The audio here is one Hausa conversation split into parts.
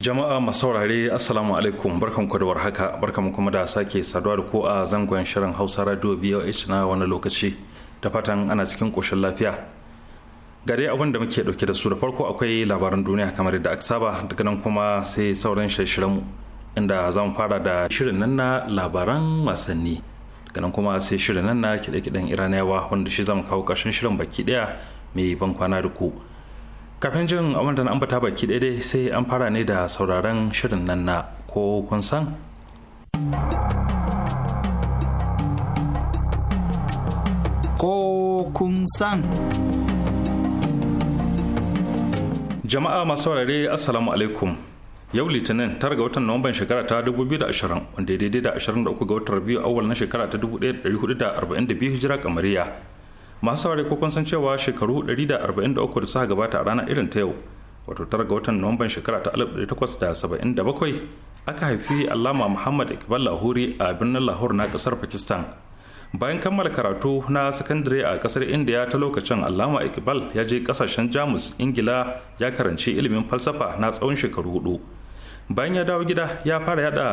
Jama'a masaurare Assalamu alaikum barkan ku da warhaka barkan kuma da sake saduwa da ku a zangon shirin Hausa Radio BOH na wani lokaci da fatan ana cikin koshin lafiya. Gare abin da muke dauke da su da farko akwai labaran duniya kamar yadda aka saba daga nan kuma sai sauran shirin mu inda mu fara da shirin nan na labaran wasanni daga nan kuma sai shirin nan na kide-kiden Iraniyawa wanda shi zamu kawo ƙarshen shirin baki ɗaya mai ban kwana da ku. kafin jin abin an na ambata baki daidai sai an fara ne da sauraron shirin nan na ko kun san ko kun san jama'a masu saurare assalamu alaikum yau litinin tara ga watan nuwamban shekara ta 2020 wanda daidai da 23 ga watan biyu awal na shekara ta 1442 hijira kamariya masu saurari ko kun san cewa shekaru 143 da suka gabata a ranar irin ta yau wato tara ga watan nuwamban shekara ta 1877 aka haifi allama muhammad iqbal lahori a birnin lahore na kasar pakistan bayan kammala karatu na sakandare a kasar india ta lokacin allama iqbal ya je kasashen jamus ingila ya karanci ilimin falsafa na tsawon shekaru hudu bayan ya dawo gida ya fara yada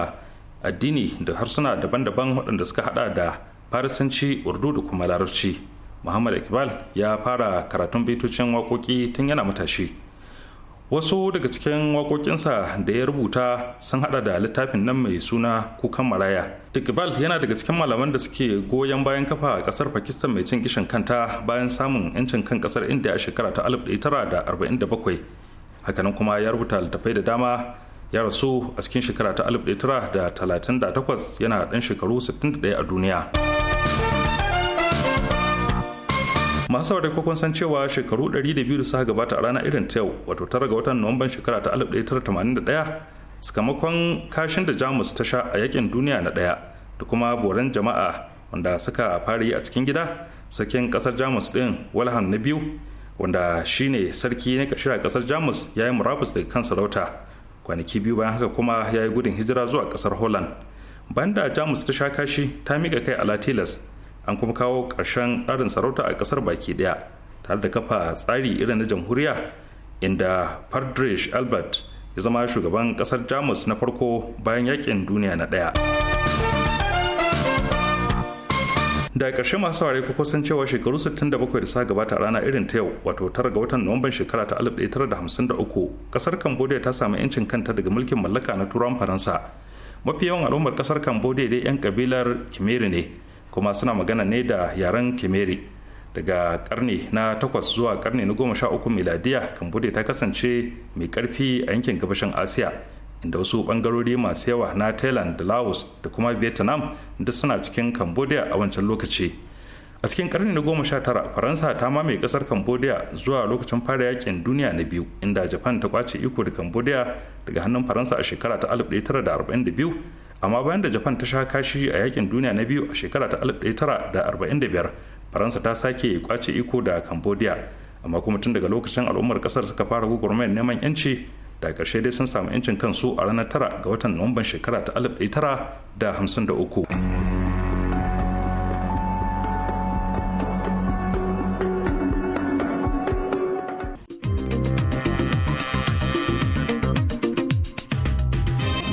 addini da harsuna daban-daban waɗanda suka hada da farisanci urdu da kuma larabci muhammad iqbal ya fara karatun bitocin waƙoƙi tun yana matashi wasu daga cikin waƙoƙinsa da ya rubuta sun hada da littafin nan mai suna kukan maraya iqbal yana daga cikin malaman da suke goyon bayan kafa a kasar pakistan mai cin kishin kanta bayan samun 'yancin kan kasar india a shekara ta 1947 hakanan kuma ya rubuta littattafai da dama ya rasu a cikin shekara ta 1938 yana ɗan shekaru 61 a duniya. masu saurari ko kun san cewa shekaru 200 da suka gabata a ranar irin ta yau wato tara ga watan nuwamban shekara ta 1981 sakamakon kashin da jamus ta sha a yakin duniya na daya da kuma boran jama'a wanda suka fara yi a cikin gida sakin kasar jamus din walham na biyu wanda shine sarki na kashira kasar jamus ya yi murabus daga kan sarauta kwanaki biyu bayan haka kuma ya yi gudun hijira zuwa kasar holland banda jamus ta sha kashi ta miƙa kai a latilas an kuma kawo ƙarshen tsarin sarauta a ƙasar baki ɗaya tare da kafa tsari irin na jamhuriya inda fardrish albert ya zama shugaban ƙasar jamus na farko bayan yakin duniya na ɗaya da ƙarshe masu saurari ko kusan cewa shekaru 67 da sa gabata a rana irin ta yau wato tara ga watan nuwamban shekara ta 1953 kasar cambodia ta samu 'yancin kanta daga mulkin mallaka na turan faransa mafi yawan al'ummar kasar cambodia dai 'yan kabilar kimeri ne kuma suna magana ne da yaren kimeri daga karni na takwas zuwa karni na goma sha uku miladiya cambodia ta kasance mai karfi a yankin gabashin asiya inda wasu bangarori masu yawa na thailand da laos da kuma vietnam duk suna cikin cambodia a wancan lokaci a cikin karni na goma sha tara faransa ta mamaye kasar cambodia zuwa lokacin fara yakin duniya na biyu inda japan ta kwace iko da cambodia daga hannun faransa a shekara ta 1942 amma bayan da japan ta sha kashi a yakin duniya na biyu a shekara ta 1945 faransa ta sake kwace iko da cambodia amma kuma tun daga lokacin al'ummar kasar suka fara gugurmayar neman yanci da karshe dai sun samu yancin kansu a ranar 9 ga watan nuwamban shekara ta 1953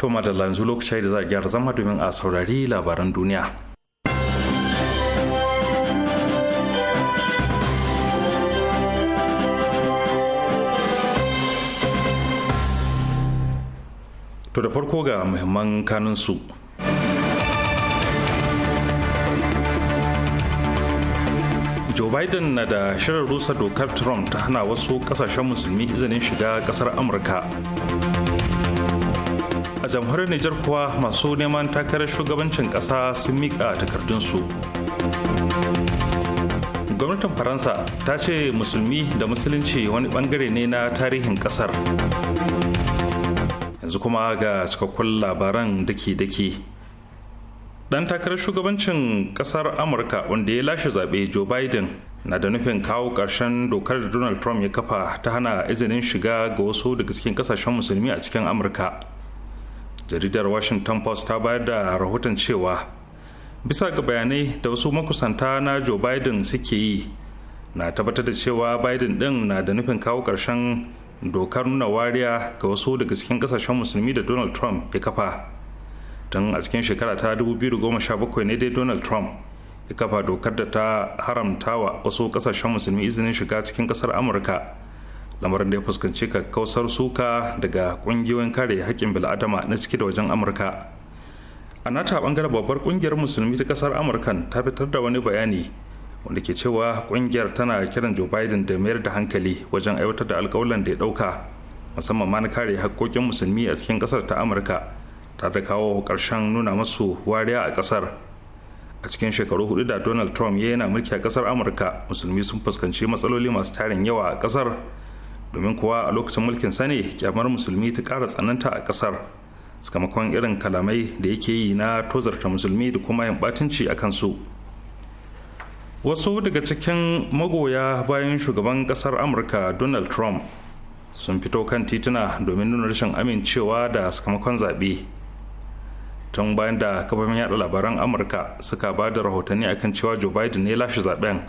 to madalla yanzu lokaci da za a gyara zama domin a saurari labaran duniya to da farko ga muhimman kanunsu Joe Biden na da shirin rusa dokar Trump ta hana wasu kasashen musulmi izinin shiga kasar Amurka. a jamhuriyar Nijar kuwa masu neman takarar shugabancin ƙasa sun miƙa takardunsu. Gwamnatin Faransa ta ce musulmi da musulunci wani bangare ne na tarihin ƙasar. Yanzu kuma ga cikakkun labaran daki-daki. Ɗan takarar shugabancin ƙasar Amurka wanda ya lashe zaɓe Joe Biden na da nufin kawo ƙarshen dokar da donald trump ya kafa ta hana izinin shiga ga wasu daga cikin ƙasashen musulmi a cikin amurka jaridar washington post ta bayar da rahoton cewa bisa ga bayanai da wasu makusanta na joe biden suke yi na tabbatar da cewa biden din na da nufin kawo karshen dokar nuna wariya ga wasu daga cikin kasashen musulmi da donald trump ya kafa tun a cikin shekara ta 2017 ne dai donald trump ya kafa dokar da ta haramta wa wasu kasashen musulmi izinin shiga cikin kasar amurka lamarin da ya fuskanci kakkausar suka daga kungiyoyin kare haƙƙin bil'adama na ciki da wajen amurka a nata bangaren babbar ƙungiyar musulmi ta kasar amurkan ta fitar da wani bayani wanda ke cewa ƙungiyar tana kiran joe biden da mayar da hankali wajen aiwatar da alkawalan da ya ɗauka musamman ma na kare haƙƙoƙin musulmi a cikin ƙasar ta amurka tare da kawo ƙarshen nuna masu wariya a ƙasar. a cikin shekaru hudu da donald trump ya yana mulki a ƙasar amurka musulmi sun fuskanci matsaloli masu tarin yawa a ƙasar domin kuwa a lokacin mulkin sani kyamar musulmi ta ƙara tsananta a ƙasar sakamakon irin kalamai da yake yi na tozarta musulmi da kuma yin batunci a kansu wasu daga cikin magoya bayan shugaban ƙasar amurka donald trump sun fito kan tituna domin nuna rashin amincewa da sakamakon zaɓe tun bayan da kafafin yada labaran amurka suka ba da rahotanni akan cewa joe biden ne lashe zaɓen.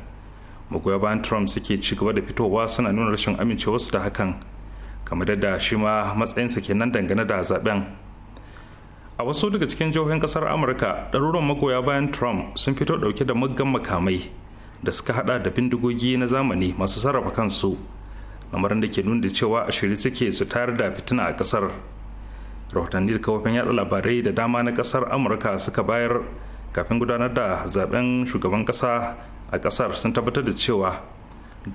magoya bayan trump suke ci gaba da fitowa suna nuna rashin amincewarsu da hakan kamar da shi ma matsayinsa kenan dangane da zaben a wasu daga cikin jihohin kasar amurka ɗaruruwan magoya bayan trump sun fito ɗauke da muggan makamai da suka hada da bindigogi na zamani masu sarrafa kansu lamarin da ke nuna cewa a shirye suke su tayar da fitina a kasar rahotanni da kafofin yada labarai da dama na kasar amurka suka bayar kafin gudanar da zaben shugaban kasa a kasar sun tabbatar da cewa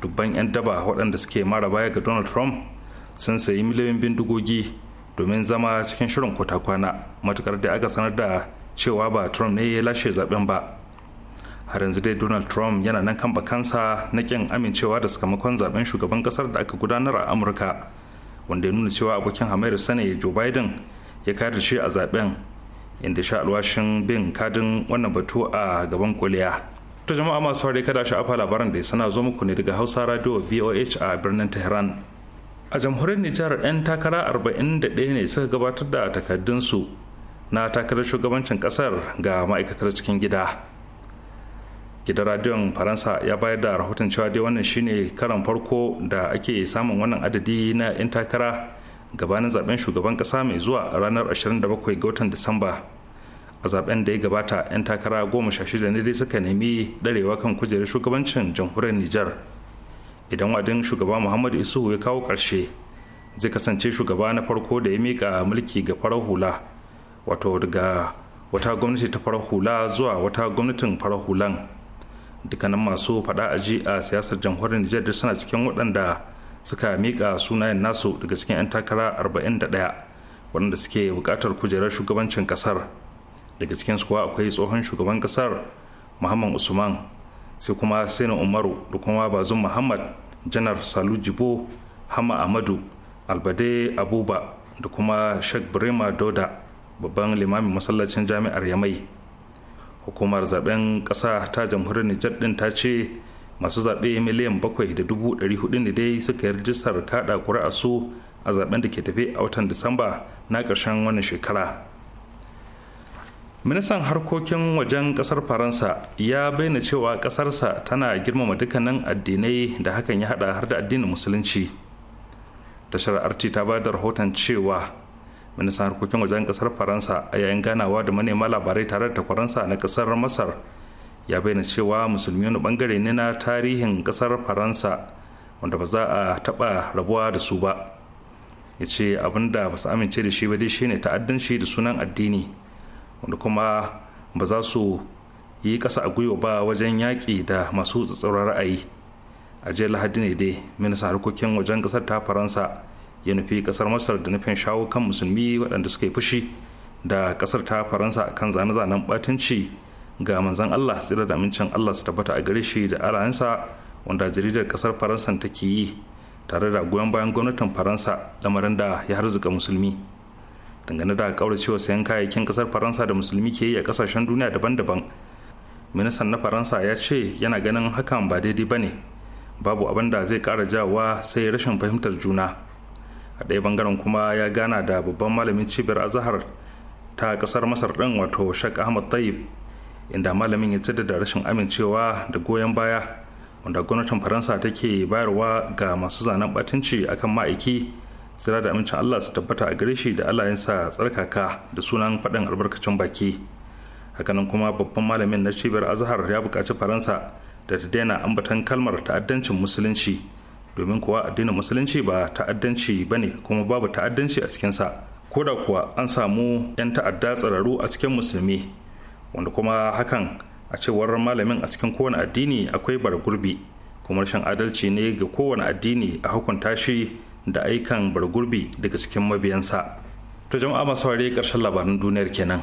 dubban 'yan daba waɗanda suke mara baya ga donald trump sun sayi miliyoyin bindigogi domin zama cikin shirin kwata kwana matukar da aka sanar da cewa ba trump ne ya lashe zaben ba har yanzu dai donald trump yana nan kan bakansa na kin amincewa da sakamakon zaben shugaban kasar da aka gudanar a amurka wanda ya nuna cewa abokin hamayar sani joe biden ya kare shi a zaben inda sha alwashin bin kadin wannan batu a gaban kuliya To jama'a masu saurari kada sha'afa labaran da sana zo muku ne daga Hausa Radio VOH a birnin Tehran. A jamhuriyar Nijar 'yan takara 41 ne suka gabatar da takardunsu na takarar shugabancin kasar ga ma'aikatar cikin gida. Gidan radiyon Faransa ya bayar da rahoton cewa dai wannan shine karan farko da ake samun wannan adadi na 'yan takara gabanin zaben shugaban kasa mai zuwa ranar 27 ga watan Disamba. a zaben da ya gabata 'yan takara goma sha shida ne dai suka nemi darewa kan kujerar shugabancin jamhuriyar nijar idan wadin shugaba muhammadu isuhu ya kawo ƙarshe zai kasance shugaba na farko da ya mika mulki ga farar hula wato daga wata gwamnati ta farar hula zuwa wata gwamnatin farar hulan dukkanin masu faɗa a ji a siyasar jamhuriyar nijar da suna cikin waɗanda suka mika sunayen nasu daga cikin 'yan takara arba'in da ɗaya waɗanda suke buƙatar kujerar shugabancin ƙasar daga cikin kuwa akwai tsohon shugaban kasar muhammad usman sai kuma sani umaru da kuma bazin muhammad janar salu jibo hama amadu albade abuba da kuma sheikh birema doda babban limamin masallacin jami'ar yamai hukumar zaben kasa ta jamhuriyar nijar din ta ce masu zaɓe miliyan bakwai da dubu ɗari hudu ne dai suka yi rijistar kaɗa ƙuri'a su a zaben da ke tafe a watan disamba na ƙarshen wannan shekara ministan harkokin wajen kasar faransa ya bayyana cewa kasarsa tana girmama dukkanin addinai da hakan ya hada har da addinin musulunci tashar arti ta ba da rahoton cewa ministan harkokin wajen kasar faransa a yayin ganawa da manema labarai tare da faransa na kasar masar ya bayyana cewa musulmi wani bangare ne na tarihin kasar faransa wanda ba za a taba rabuwa da su ba ya ce abinda ba su amince da shi ba dai shine ta'addanci da sunan addini wanda kuma ba za su yi ƙasa a gwiwa ba wajen yaƙi da masu tsatsauran ra'ayi a jiya lahadi ne dai minisar harkokin wajen ƙasar ta faransa ya nufi ƙasar masar da nufin shawo kan musulmi waɗanda suka yi fushi da ƙasar ta faransa kan zane-zanen ɓatanci ga manzan allah tsira da amincin allah su tabbata a gare shi da alayensa wanda jaridar ƙasar faransa take yi tare da goyon bayan gwamnatin faransa lamarin da ya harzuka musulmi dangane da kauracewa sayan kayayyakin kasar faransa da musulmi ke yi a kasashen duniya daban-daban ministan na faransa ya ce yana ganin hakan ba daidai ba ne babu abin da zai kara jawa sai rashin fahimtar juna a ɗaya bangaren kuma ya gana da babban malamin cibiyar azahar ta kasar masar ɗin wato shak ahmad tayyib inda malamin ya da rashin amincewa da goyon baya wanda gwamnatin faransa take bayarwa ga masu zanen batunci akan ma'aiki sira da amincin Allah su tabbata a gare shi da Allah sa tsarkaka da sunan faɗin albarkacin baki hakanan kuma babban malamin na cibiyar azhar ya buƙaci faransa da ta daina ambatan kalmar ta'addancin musulunci domin kuwa addinin musulunci ba ta'addanci ba ne kuma babu ta'addanci a cikinsa ko da kuwa an samu 'yan ta'adda tsararru a cikin musulmi wanda kuma hakan a cewar malamin a cikin kowane addini akwai bara gurbi kuma rashin adalci ne ga kowane addini a hukunta shi da aikan bargurbi daga cikin mabiyansa to jama'a masu saurari ƙarshen labaran duniyar kenan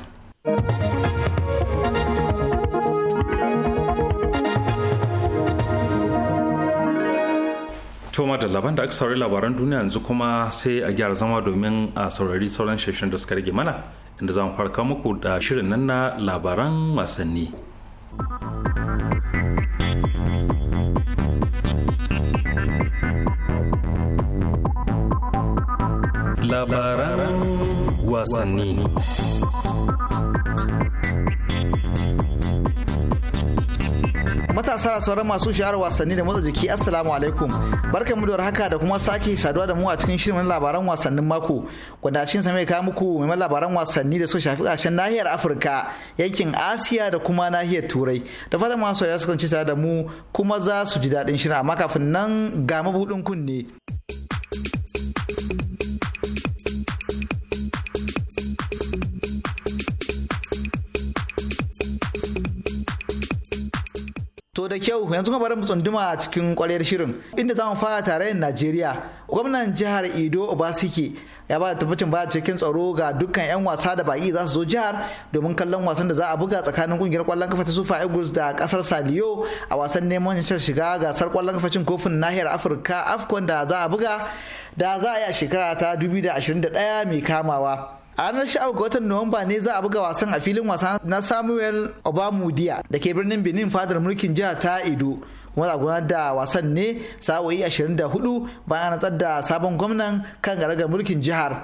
To da laban da aka saurari labaran duniya yanzu kuma sai a gyara zama domin a saurari sauran shirin da suka rage mana inda za mu farka muku da shirin nan na labaran wasanni. labaran wasanni matasa sauran masu shahar wasanni da motsa jiki assalamu alaikum barkan mu da haka da kuma sake saduwa da mu a cikin shirin labaran wasannin mako wanda a cikin mai kawo muku mai labaran wasanni da so shafi kashen nahiyar afirka yankin asiya da kuma nahiyar turai da fatan masu ya su kanci da mu kuma za su ji daɗin shirin amma kafin nan ga mabudin kunne. To da kyau yanzu kuma bari mu tsunduma cikin kwaryar shirin inda zamu fara da Najeriya. Gwamnan jihar Ido Obasike ya ba da tabbacin ba cikin tsaro ga dukkan 'yan wasa da baki za su zo jihar domin kallon wasan da za a buga tsakanin kungiyar kwallon kafa ta Super Eagles da kasar Saliyo a wasan neman shiga gasar kwallon kafa cin kofin nahiyar Afirka AFCON da za a buga da za a yi a shekara ta 2021 mai kamawa. a ranar 13 ga watan nuwamba ne za a buga wasan a filin wasa na samuel obamudia da ke birnin benin fadar mulkin jihar ta ido kuma a gudanar da wasan ne sa'o'i 24 bayan rantsar da sabon gwamnan kan garagar mulkin jihar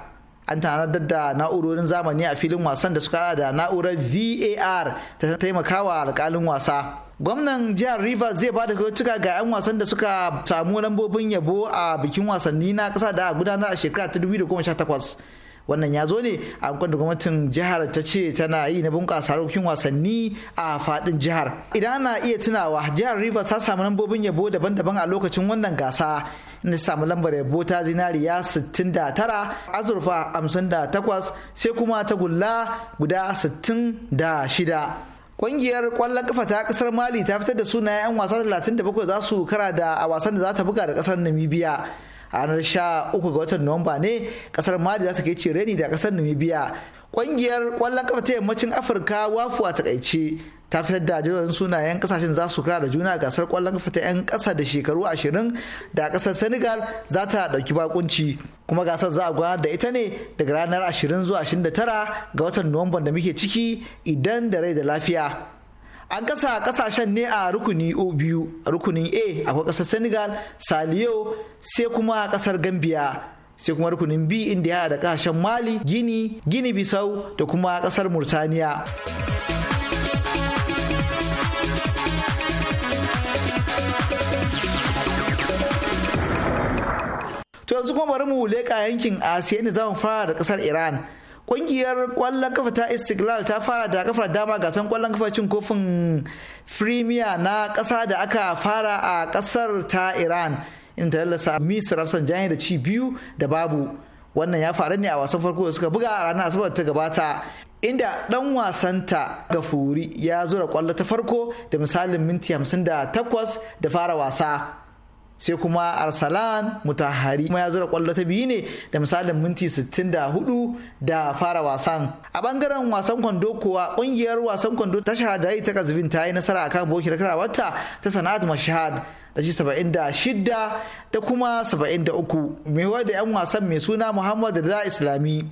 an tanadar da na'urorin zamani a filin wasan da suka da na'urar var ta taimakawa alkalin wasa gwamnan jihar rivers zai ba da kyautuka ga 'yan wasan da suka samu lambobin yabo a bikin wasanni na kasa da gudanar a shekara ta 2018 wannan ya zo ne a da gwamnatin jihar ta ce tana yi na bunƙasa harkokin wasanni a faɗin jihar idan ana iya tunawa jihar rivers ta samu lambobin yabo daban-daban a lokacin wannan gasa inda samu lambar yabo ta zinariya 69 azurfa 58 sai kuma ta gulla guda 66 Ƙungiyar kwallon kafa ta kasar Mali ta fitar da sunayen 'yan wasa 37 za su kara da a wasan da za ta buga da kasar Namibia. a ranar 13 ga watan nuwamba ne kasar mali za ta kai cire ni da kasar namibia ƙungiyar ƙwallon kafa ta yammacin afirka wafu a takaice ta fitar da jadawalin sunayen kasashen za su kira da juna gasar kwallon kafa ta 'yan kasa da shekaru 20 da kasar senegal za ta dauki bakunci kuma gasar za a gwana da ita ne daga ranar 20 zuwa 29 ga watan nuwamban da muke ciki idan da rai da lafiya an kasa kasashen ne a rukuni O biyu rukunin a akwai kasar senegal saliyo sai kuma kasar gambia sai kuma rukunin b inda ya da kasashen mali gini gini bisau da kuma kasar murtaniya to yanzu kuma bari mu leƙa yankin asiya ne zamu fara da kasar iran kungiyar kwallon kafa ta Istiklal ta fara da kafar dama gasan kwallon kafa cin kofin Firimiya na kasa da aka fara a kasar ta Iran inda ta lallasa Miss jani da ci biyu da babu. Wannan ya faru ne a wasan farko da suka buga a ranar Asabar ta gabata inda dan wasanta gafuri ya zura kwallo ta farko da misalin minti 58 da fara wasa sai kuma arsalan mutahari kuma ya zura kwallo ta biyu ne da misalin minti 64 da fara wasan a bangaren wasan kwando kuwa kungiyar wasan kwando ta shahadari ta kazbin ta yi nasara akan bokir karawarta ta sana'at mashahad da shi 76 da kuma 73 mai da 'yan wasan mai suna muhammad da islami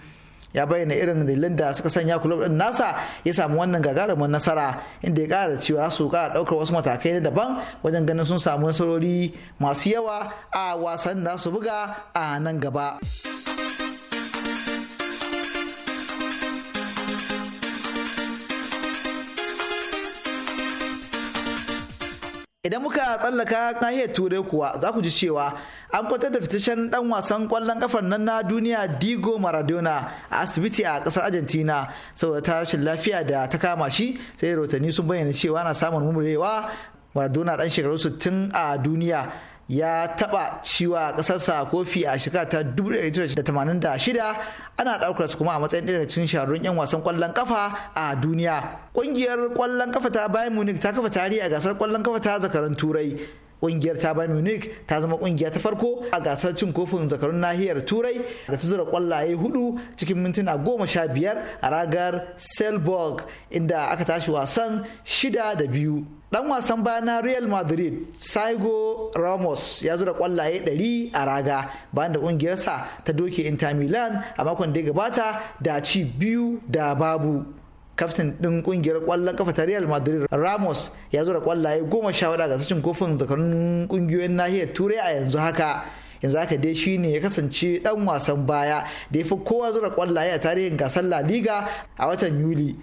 ya bayyana irin dalilan da suka sanya kulob din nasa ya samu wannan gagarumin nasara inda ya kara da cewa su kara daukar wasu matakai na daban wajen ganin sun samu nasarori masu yawa a wasan da su buga a nan gaba. idan muka tsallaka nahiyar turai kuwa za ku ji cewa an kwatar da fitaccen dan wasan kwallon kafar nan na duniya digo maradona a asibiti a kasar argentina saboda tashin lafiya da ta kama shi sai rotani sun bayyana cewa na samun murmurewa maradona dan shekaru 60 a duniya ya taba ciwa ƙasarsa kofi a shekara ta 1986 ana ɗaukar su kuma a matsayin ɗaya daga cikin shahararrun 'yan wasan ƙwallon kafa a duniya ƙungiyar ƙwallon kafa ta bayan munich ta kafa tarihi a gasar kwallon kafa ta zakaran turai kungiyar ta bayan Munich ta zama kungiya ta farko a gasar cin kofin zakarun nahiyar Turai da ta zura kwallaye hudu cikin mintuna goma sha biyar a ragar Selborg inda aka tashi wasan shida da biyu. Dan wasan baya na Real Madrid, Saigo Ramos ya zura kwallaye 100 a raga bayan da kungiyarsa ta doke Inter Milan a makon da ya gabata da ci biyu da babu. kaftin din kungiyar kwallon kafa ta Real Madrid Ramos ya zura kwallaye goma sha hudu a gasashin kofin zakarun kungiyoyin nahiyar Turai a yanzu haka yanzu haka dai shi ne ya kasance dan wasan baya da ya fi kowa zura kwallaye a tarihin gasar La Liga a watan Yuli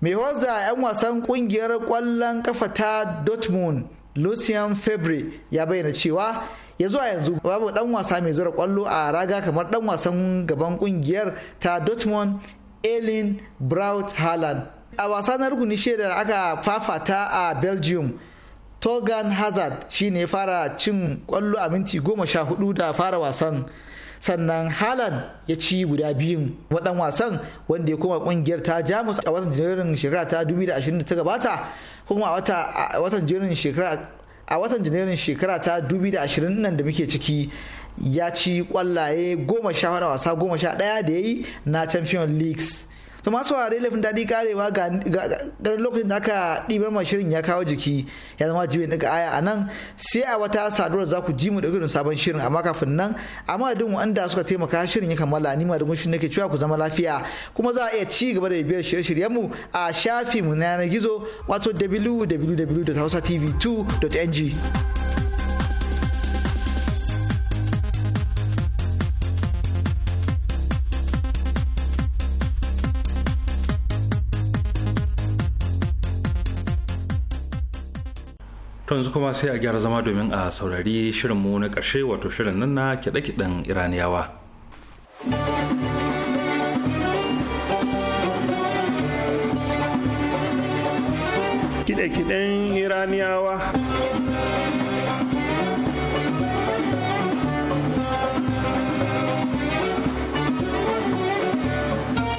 mai horar 'yan wasan kungiyar kwallon kafa ta Dortmund Lucien Fabre ya bayyana cewa ya zuwa yanzu babu dan wasa mai zura kwallo a raga kamar dan wasan gaban kungiyar ta Dortmund elin braut haaland a wasa na rukuni shida da aka fafata a belgium togan hazard shi ya fara cin kwallo a minti goma sha hudu da fara wasan sannan haaland ya ci guda biyun waɗan wasan wanda ya koma ƙungiyar ta jamus a watan janairun shekara ta 2020 ta gabata kuma a watan janairun shekara a watan janairun shekara ta 2020 nan da muke ciki ya ci kwallaye goma sha hudu wasa goma sha daya da ya yi na champion leagues to masu ware laifin daɗi karewa ga lokacin da aka ɗibar ma shirin ya kawo jiki ya zama jibe daga aya a nan sai a wata saduwar za ku ji mu da irin sabon shirin amma kafin nan amma duk wanda suka taimaka shirin ya kammala ni ma da mushin nake cewa ku zama lafiya kuma za a iya ci gaba da biyar shirye-shiryen mu a shafin mu na yanar gizo wato www.hausatv2.ng To yanzu kuma sai a gyara zama domin a saurari shirinmu na ƙarshe wato shirin nan na kiɗe-kiɗen Iraniyawa. Kiɗe-kiɗen Iraniyawa.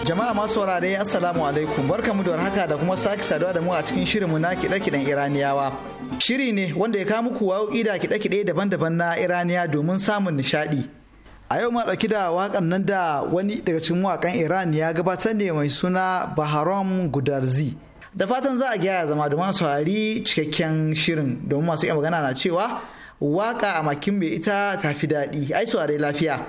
Jama'a masu saurare Assalamu alaikum barkamu da warhaka da kuma sake saduwa da mu a cikin shirinmu na kiɗe-kiɗen Iraniyawa. shiri ne wanda ya kawo muku waƙoƙi da kiɗe-kiɗe daban-daban na iraniya domin samun nishaɗi a yau ma ɗauki da waƙan nan da wani daga cikin waƙan iran ya gabatar ne mai suna baharom gudarzi da fatan za a gyara zama domin saurari cikakken shirin domin masu iya magana na cewa waƙa a makin mai ita tafi daɗi ai saurari lafiya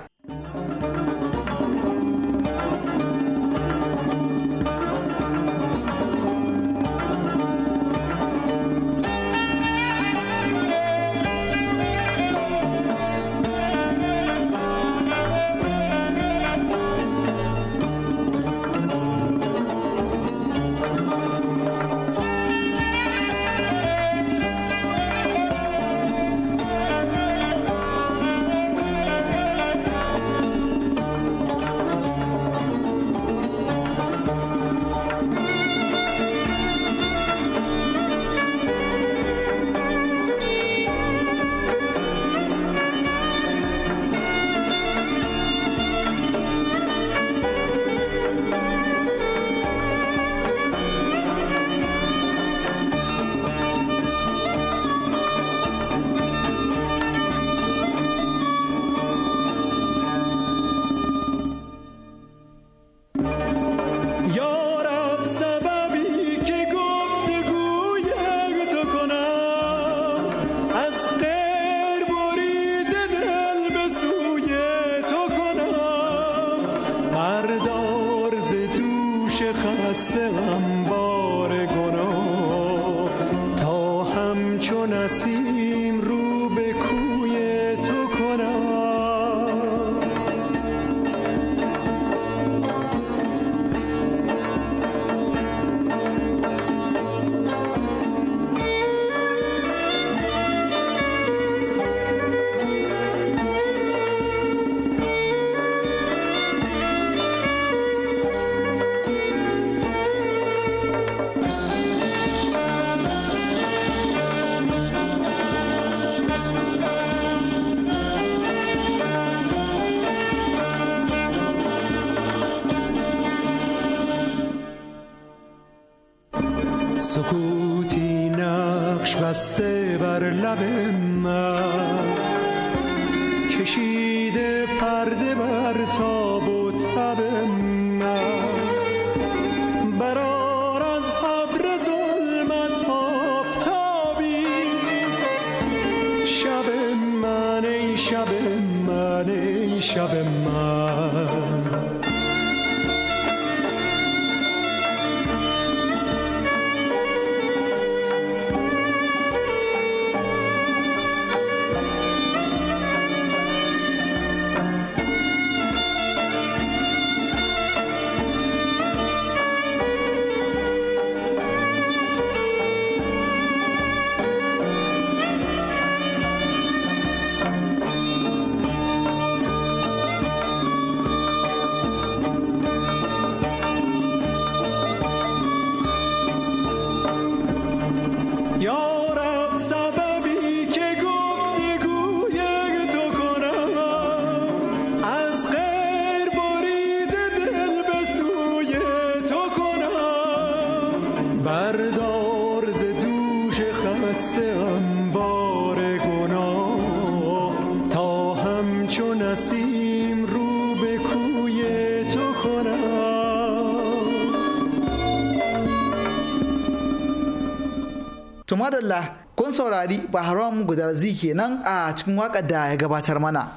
madalla kun saurari bahram gudarzi kenan a cikin waƙar da ya gabatar mana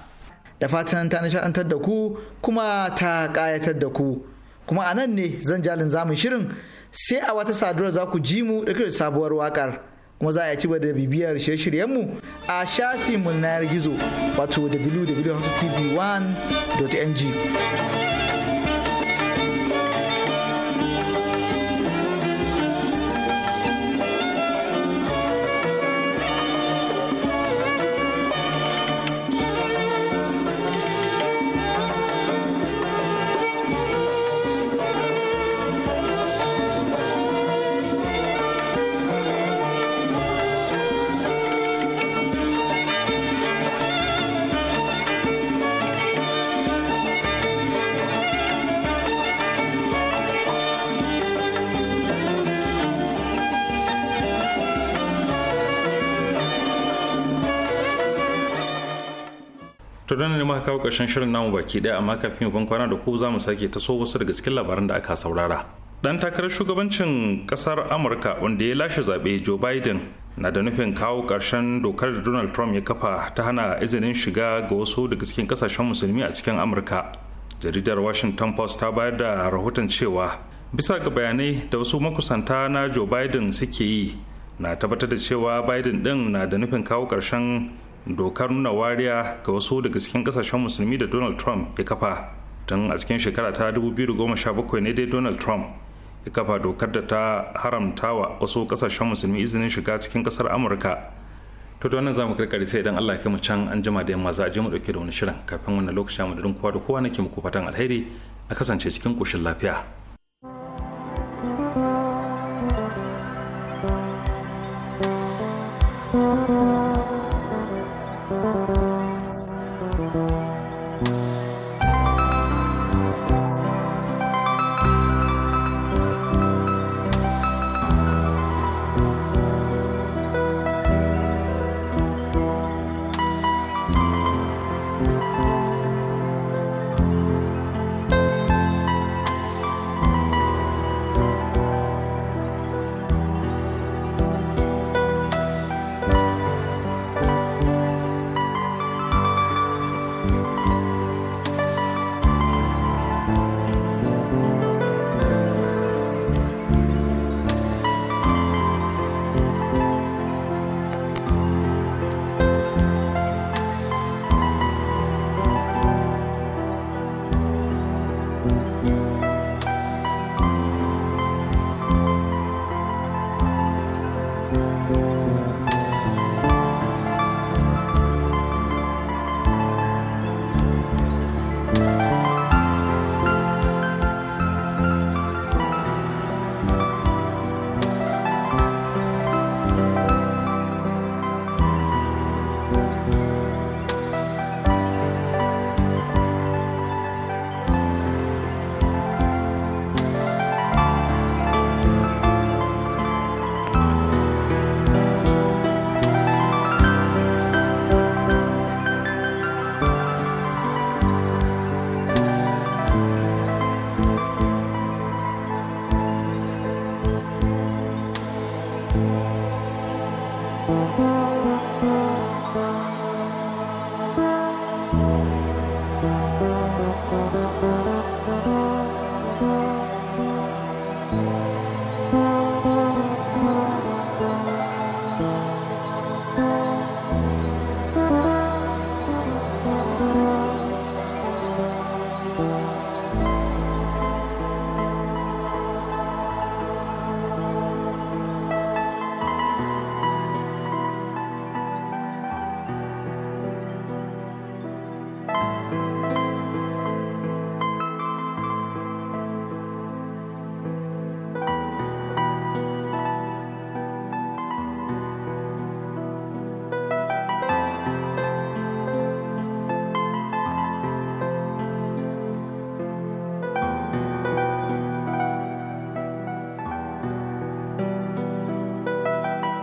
da fatan ta nishaɗantar da ku kuma ta ƙayatar da ku kuma a nan ne zan jalin zamun shirin sai a wata saduwar za ku ji mu da sabuwar waƙar kuma za a ci da bibiyar shirye mu a shafinmu na yar gizo wato www.tv1.ng to don ne muka kawo ƙarshen shirin namu baki ɗaya amma kafin ban kwana da ku za mu sake ta so wasu daga cikin labaran da aka saurara dan takarar shugabancin ƙasar amurka wanda ya lashe zaɓe joe biden na da nufin kawo ƙarshen dokar da donald trump ya kafa ta hana izinin shiga ga wasu daga cikin ƙasashen musulmi a cikin amurka jaridar washington post ta bayar da rahoton cewa bisa ga bayanai da wasu makusanta na joe biden suke yi na tabbatar da cewa biden ɗin na da nufin kawo ƙarshen dokar nuna wariya ga wasu daga cikin kasashen musulmi da donald trump ya kafa tun a cikin shekara ta 2017 ne dai donald trump ya kafa dokar da ta haramta wa wasu kasashen musulmi izinin shiga cikin kasar amurka to don nan za mu karkare sai idan allah ya mu can an jima da yamma za a je mu dauke da wani shirin kafin wannan lokaci mu da kowa da kowa nake muku fatan alheri a kasance cikin koshin lafiya Thank you.